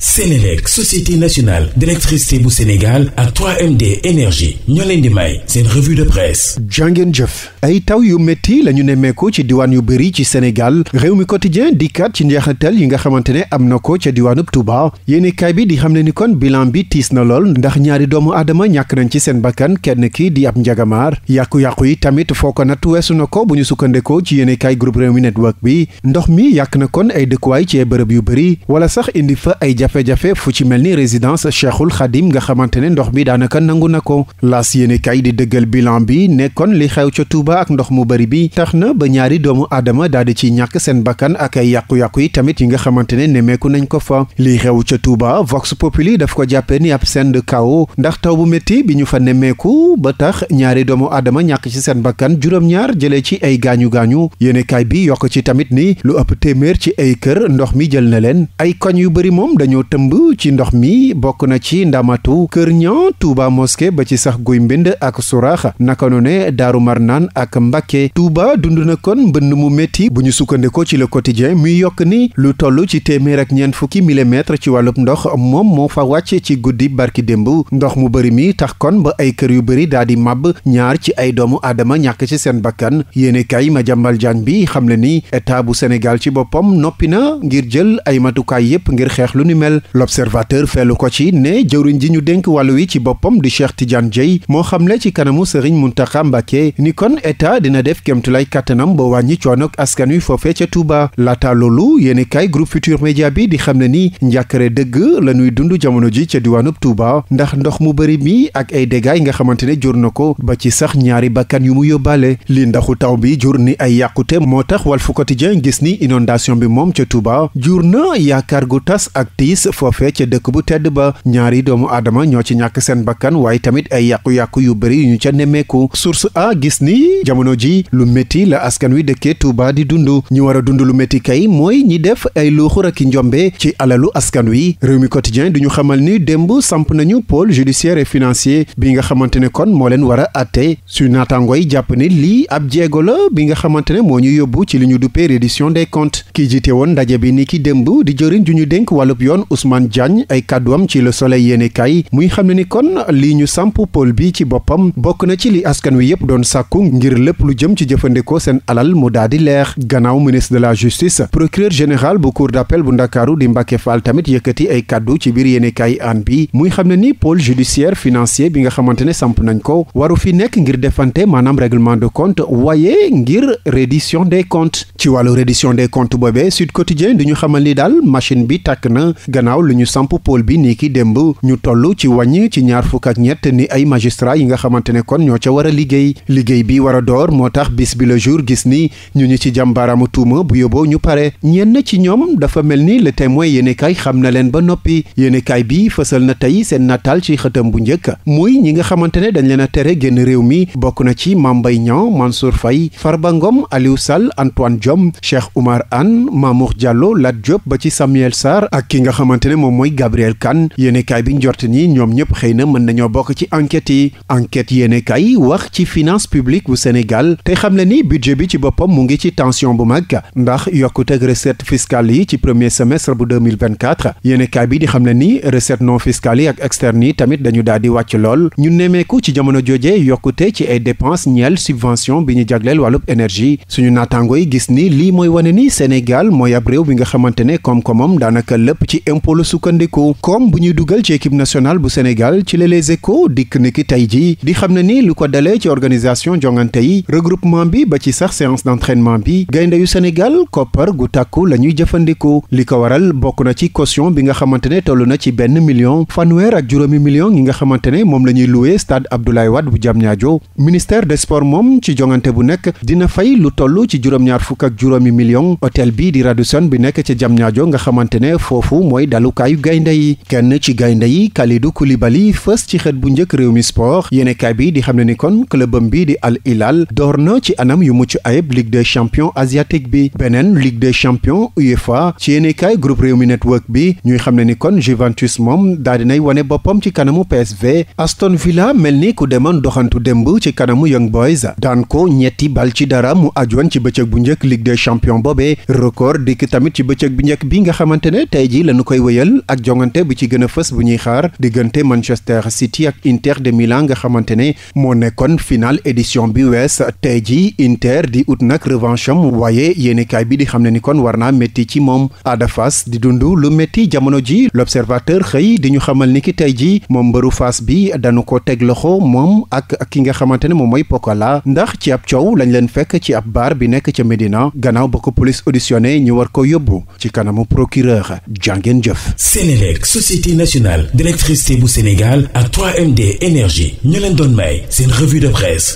Sénélec société nationale d'électricité bu Sénégal ak 3MD énergie ñoo di may seen de presse jàngeen jëf ay taw yu métti la ñu nemmeeku ci diwaan yu bëri ci Sénégal réew mi quotidien dikkaat ci njeexital yi nga xamante ne am na ko ca diwaanub Touba yéenekaay bi di xam ne ni kon bilan bi tiis na lool ndax ñaari doomu aadama ñàkk nañ ci seen bakkan kenn ki di ab njagamaar yàqu-yàqu yi tamit foo ko natt weesu na ko bu ñu sukkandekoo ci yéenekaay groupe Rewmi network bi ndox mi yàkk na kon ay dëkkuwaay ci bërëb yu bëri wala sax indi fa ay jafe-jafe fu ci mel ni résidence Cheikhul Khadim nga xamante ne ndox bi daanaka nangu na ko laas yéene kay di dëggal bilan bi nekkoon li xew ca Touba ak ndox mu bari bi tax na ba ñaari doomu aadama daal di ci ñàkk seen bakkan ak ay yàqu-yàqu yi tamit yi nga xamante ne nemmeeku nañ ko fa li xew ca Touba Vox Populi daf ko jàppee ni ab seen de chaos ndax taw bu métti bi ñu fa nemmeeku ba tax ñaari doomu aadama ñàkk ci seen bakkan juróom-ñaar jëlee ci ay gaañu-gaañu yéene bi yokk ci tamit ni lu ëpp téeméer ci ay kër ndox mi jël na leen ay yu bari ñoo tëmb ci ndox mi bokk na ci ndamatu Kër Ñan Touba mosquée ba ci sax guy mbind ak suraax naka noone daaru marnaan ak Mbàkke Touba dund na kon mbënd mu métti bu ñu sukkandikoo ci le quotidien muy yokk ni lu tollu ci téeméer ak ñeent fukki milimètre ci wàllub ndox moom moo fa wàcc ci guddi barki démb ndox mu bëri mi tax kon ba ay kër yu bëri daa di màbb ñaar ci ay doomu aadama ñàkk ci seen bakkan yéene kay ma jàmbal jaan bi xam le ni état bu Sénégal ci boppam noppi na ngir jël ay matukaay yépp ngir xeex lu ni mel mel l'observateur feelu ko ci ne jëwriñ ji ñu dénk wàllu wi ci boppam di Cheikh Tidiane Dieye moo xamle ci kanamu Serigne Mountakha Mbacké ni kon état dina def kéemtulaay kàttanam ba wàññi coonog askan wi foofee ca Touba laata loolu yéeni kaay groupe Futur Média bi di xam ne ni njàkkare dëgg la ñuy dund jamono ji ca diwaanub Touba ndax ndox mu bëri mi ak ay dégâts yi nga xamante ne jur na ko ba ci sax ñaari bakkan yu mu yóbbaale li ndaxu taw bi jur ni ay yàqute moo tax Walf Quotidien gis ni bi moom ca Touba 2010 foofee ca dëkk bu tedd ba ñaari doomu aadama ñoo ci ñàkk seen bakkan waaye tamit ay yàqu-yàqu yu bëri yu ñu ca nemmeeku source a gis ni jamono ji lu métti la askan wi dëkkee Touba di dund ñu war a dund lu métti kay mooy ñi def ay luuxur ak i njombe ci alalu askan wi réew mi quotidien du ñu xamal ni démb samp nañu pole judiciaire financier bi nga xamante ne kon moo leen war a atte su naataangooy jàpp ni lii ab jéego la bi nga xamante ne moo ñu yóbbu ci li ñu duppee reddition des comptes kii jiite woon ndaje bi ni ki démb di jëriñ ju ñu dénk wàllub yoon Ousmane Diagne ay kàdduwam ci Le Soleil yéenekaay muy xam ne ni kon lii ñu samp pôle bi ci boppam bokk na ci li askan wi yëpp doon sàkku ngir lépp lu jëm ci jëfandikoo seen alal mu daal di leer gannaaw ministre de la justice procureur général bu cour d'appel bu ndakaaru di Mbàkke Fall tamit yëkkati ay kàddu ci biir yéenekaay aan bi muy xam ne ni pol judiciaire financier bi nga xamante ne samp nañ ko waru fi nekk ngir defante maanaam règlement de compte waaye ngir reddition des comptes ci wàllu reddition des comptes boobee Sud Quotidien di ñu xamal ni daal machine bi tàkk na gannaaw lu ñu samp pôle bi nii ki démb ñu toll ci wàññ ci ñaar fukk ak ñett ni ay magistrat yi nga xamante ne kon ñoo ca war a liggéey liggéey bi war a door moo tax bis bi le jour gis ni ñu ñu ci jàmbaaraamu tuuma bu yóbboo ñu pare ñenn ci ñoom dafa mel ni le témoin yéenekaay xam na leen ba noppi yéenekaay bi fësal na tey seen nataal ci xëtam bu njëkk muy ñi nga xamante ne dañ leen a tere génn réew mi bokk na ci Mame Mbaye Niang Mansour Faye Farba Ngom Aliou Sall Antoine Diome Cheikh Oumar Anne Mamour Diallo ba ci Samuel xamante ne moom mooy Gabriel Kane yéenekaay bi njort nii ñoom ñëpp xëy na mën nañoo bokk ci enquête yi enquête yéenekaay wax ci finance publique bu Sénégal te xam le ni budget bi ci boppam mu ngi ci tension bu mag ndax yokkute yokkuteg recette fiscale yi ci premier semestre bu 2024 yéenekaay bi di xam le ni recette non fiscale yi ak externe yi tamit dañu daal di wàcc lool ñu nemmeeku ci jamono jooje yokkute ci ay dépenses ñeel subvention bi ñu jagleel wàllub énergie suñu naataango yi gis ni lii mooy wane ni Sénégal mooy ab bi nga xamante ne koom-koomam daanaka lépp ci impôt la koom bu ñuy dugal ci équipe nationale bu Sénégal ci la Les Échos dikk ni ki tey ji di xam ne ni lu ko dalee ci organisation jongante yi regroupement bi ba ci sax séance d'entraînement bi gaynde yu Sénégal koppar gu tàkku la ñuy jëfandiku li ko waral bokk na ci caution bi nga xamante ne toll na ci benn million fanweer ak juróomi million yi nga xamante ne moom la ñuy loué stade Abdoulaye Wade bu Diamniadio ministère des sports moom ci jongante bu nekk dina fay lu toll ci juróom-ñaar fukk ak juróomi million hôtel bi di Radisson bi nekk ca Diamniadio nga xamante ne foofu mooy dalukaayu gaynde yi kenn ci gaynde yi Kalidou Koulibaly fës ci xët bu njëkk réew mi sport yéenekaay bi di xam ne ni kon clubam bi di Al Hilal door na ci anam yu mucc ayib Ligue des champions asiatique bi beneen Ligue des champions UEFA ci yéenekaay groupe réew mi network bi ñuy xam ne ni kon Juventus moom daal nay wane boppam ci kanamu PSV Aston Villa mel ni ku demoon doxantu démb ci kanamu Young Boys daan ko ñetti bal ci dara mu ajoon ci bëccëg bu njëkk Ligue des koy wéyal ak jongante bi ci gën a fës bu ñuy xaar diggante Manchester City ak Inter de Milan nga xamante ne moo nekkoon final édition bi wees tey ji Inter di ut nag revanche am waaye yéenekaay bi di xam ne ni kon war naa métti ci moom Ada Fass di dund lu métti jamono ji l'observateur xëy di ñu xamal ni ki tey ji moom mbëru Fass bi dañu ko teg loxo moom ak ki nga xamante ne moom mooy Pokola ndax ci ab coow lañ leen fekk ci ab baar bi nekk ca Médina gannaaw ba ko police auditionné ñu war ko yóbbu ci kanamu procureur ngeen jëf Sénélec société nationale d'électricité bu Sénégal ak 3MD énergie ñu leen doon may seen revue de presse